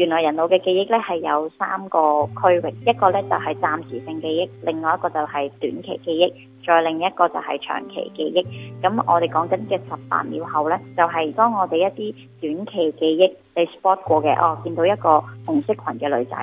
原來人腦嘅記憶咧係有三個區域，一個咧就係暫時性記憶，另外一個就係短期記憶，再另一個就係長期記憶。咁我哋講緊嘅十八秒後呢，就係當我哋一啲短期記憶被 spot 過嘅，哦，見到一個紅色裙嘅女仔，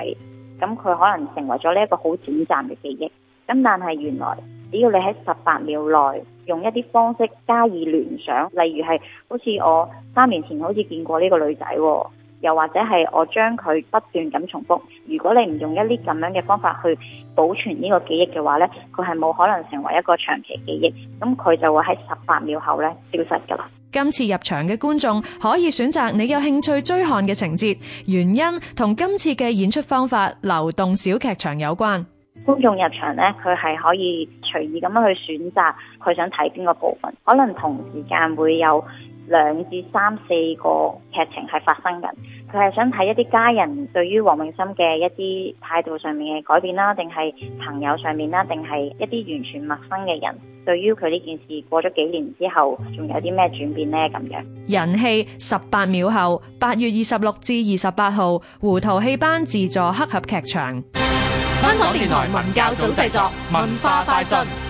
咁佢可能成為咗呢一個好短暫嘅記憶。咁但係原來，只要你喺十八秒內用一啲方式加以聯想，例如係好似我三年前好似見過呢個女仔喎。又或者係我將佢不斷咁重複。如果你唔用一啲咁樣嘅方法去保存呢個記憶嘅話呢，佢係冇可能成為一個長期記憶。咁佢就會喺十八秒後呢消失噶啦。今次入場嘅觀眾可以選擇你有興趣追看嘅情節，原因同今次嘅演出方法流動小劇場有關。觀眾入場呢，佢係可以隨意咁樣去選擇佢想睇邊個部分，可能同時間會有，兩至三四個劇情係發生緊，佢係想睇一啲家人對於黃永森嘅一啲態度上面嘅改變啦，定係朋友上面啦，定係一啲完全陌生嘅人，對於佢呢件事過咗幾年之後，仲有啲咩轉變呢？咁樣人氣十八秒後，八月二十六至二十八號，胡桃戲班自助黑盒劇場。香港電台文教組製作，文化快訊。